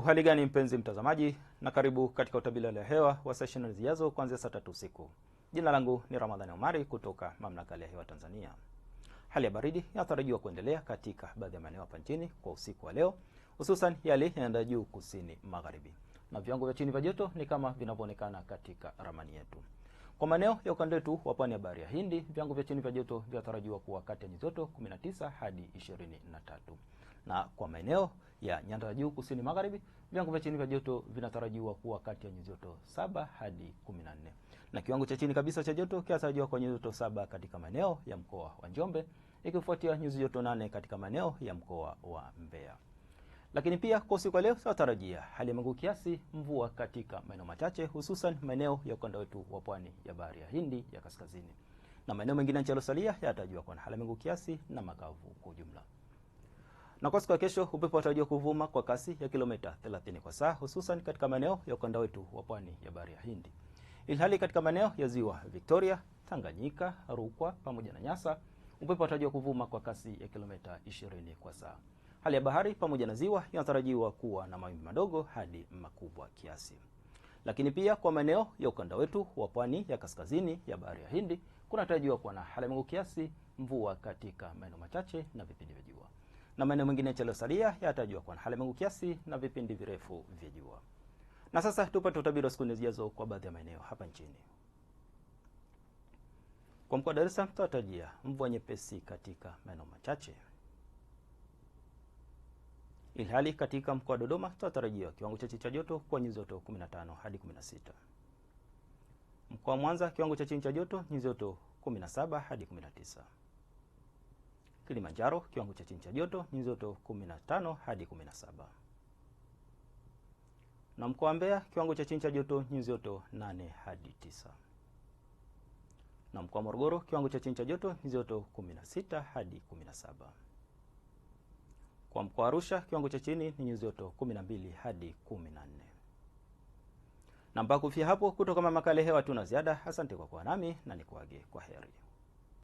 Uhali gani mpenzi mtazamaji, na karibu katika utabiri wa hewa wa saa zijazo kuanzia saa tatu usiku. Jina langu ni Ramadhani Omari kutoka Mamlaka ya Hewa Tanzania. Hali ya baridi inatarajiwa kuendelea katika baadhi ya maeneo hapa nchini kwa usiku wa leo, hususan yale yanaenda juu kusini magharibi, na viwango vya chini vya joto ni kama vinavyoonekana katika ramani yetu. Kwa maeneo ya ukanda wetu wa pwani ya bahari ya Hindi, viwango vya chini vya joto vinatarajiwa kuwa kati ya nyuzi joto 19 hadi 23, na kwa maeneo ya nyanda za juu kusini magharibi, viwango vya chini vya joto vinatarajiwa kuwa kati ya nyuzi joto 7 hadi 14, na kiwango cha chini kabisa cha joto kinatarajiwa kwa nyuzi joto 7 katika maeneo ya mkoa wa Njombe, ikifuatia nyuzi joto 8 katika maeneo ya mkoa wa Mbeya. Lakini pia kwa usiku wa leo tunatarajia hali ya mawingu kiasi, mvua katika maeneo machache, hususan maeneo ya ukanda wetu wa pwani ya bahari ya Hindi ya kaskazini, na maeneo mengine ya nchi yaliyosalia yatarajiwa kuwa na hali ya mawingu kiasi na makavu kwa ujumla. Na kwa siku ya kesho, upepo unatarajiwa kuvuma kwa kasi ya kilomita 30 kwa saa, hususan katika maeneo ya ukanda wetu wa pwani ya bahari ya Hindi, ilhali katika maeneo ya ziwa Victoria, Tanganyika, Rukwa pamoja na Nyasa upepo unatarajiwa kuvuma kwa kasi ya kilomita 20 kwa saa. Hali ya bahari pamoja na ziwa inatarajiwa kuwa na mawimbi madogo hadi makubwa kiasi. Lakini pia kwa maeneo ya ukanda wetu wa pwani ya kaskazini ya bahari ya Hindi kunatarajiwa kuwa na hali ya mawingu kiasi, mvua katika maeneo machache na vipindi vya jua. Na maeneo mengine yaliyosalia yanatarajiwa kuwa na hali ya mawingu kiasi na vipindi virefu vya jua. Na sasa tupate utabiri wa siku zijazo kwa baadhi ya maeneo hapa nchini. Kwa mkoa wa Dar es Salaam tunatarajia mvua nyepesi katika maeneo machache. Ilhali katika mkoa wa Dodoma tutatarajiwa kiwango cha chini cha joto kwa nyuzi joto 15 hadi 16. Mkoa wa Mwanza kiwango cha chini cha joto nyuzi joto 17 hadi 19. Kilimanjaro kiwango cha chini cha joto nyuzi joto 15 hadi 17. Na mkoa wa Mbeya kiwango cha chini cha joto nyuzi joto 8 hadi 9. Na mkoa wa Morogoro kiwango cha chini cha joto nyuzi joto 16 hadi 17. Kwa mkoa wa Arusha kiwango cha chini ni nyuzi joto 12 hadi 14. Na mpaka hapo, kutoka Mama hewa tuna ziada. Asante kwa kuwa nami na nikuage kwa heri.